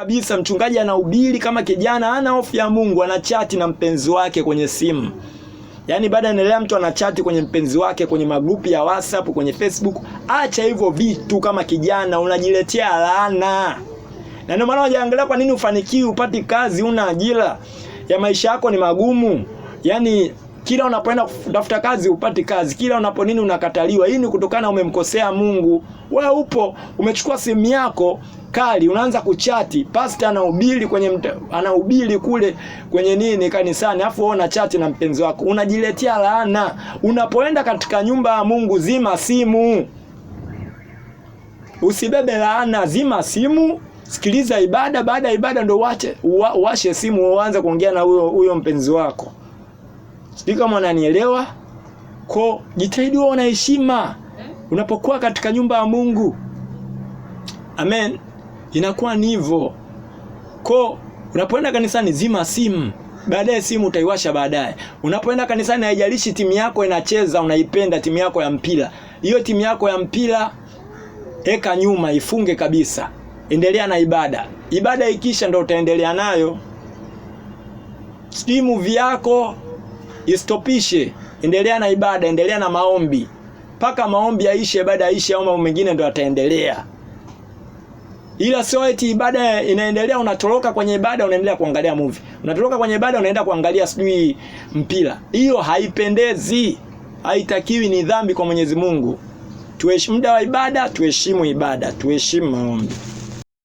kabisa, mchungaji anahubiri kama kijana ana hofu ya Mungu, anachati na mpenzi wake kwenye simu. Yaani baada anaendelea mtu anachati kwenye mpenzi wake kwenye magrupu ya WhatsApp, kwenye Facebook. Acha hivyo vitu, kama kijana unajiletea laana. Na ndio maana unajiangalia kwa nini ufanikiwi, upati kazi, una ajira ya maisha yako ni magumu. Yaani kila unapoenda kutafuta kazi upati kazi, kila unapo nini unakataliwa. Hii ni kutokana umemkosea Mungu. We upo umechukua simu yako kali, unaanza kuchati. Pastor anahubiri kwenye anahubiri kule kwenye nini kanisani, afu wewe unachati na mpenzi wako, unajiletea laana. Unapoenda katika nyumba ya Mungu, zima simu, usibebe laana, zima simu Sikiliza ibada. Baada ya ibada ndo uache uwashe simu uanze kuongea na huyo huyo mpenzi wako. Sijui kama unanielewa. Ko, jitahidi wewe una heshima eh? unapokuwa katika nyumba ya Mungu. Amen. Inakuwa ni hivyo. Ko, unapoenda kanisani zima simu. Baadaye simu utaiwasha baadaye. Unapoenda kanisani, haijalishi timu yako inacheza, unaipenda timu yako ya mpira. Hiyo timu yako ya mpira eka nyuma, ifunge kabisa. Endelea na ibada. Ibada ikisha, ndo utaendelea nayo. simu vyako Istopishe, endelea na ibada, endelea na maombi mpaka maombi yaishe, ibada yaishe, au mambo mengine ndo ataendelea, ila sio eti ibada inaendelea, unatoroka kwenye ibada unaendelea kuangalia movie, unatoroka kwenye ibada unaenda kuangalia sijui mpira. Hiyo haipendezi, haitakiwi, ni dhambi kwa Mwenyezi Mungu. Tuheshimu muda wa ibada, tuheshimu ibada, tuheshimu maombi.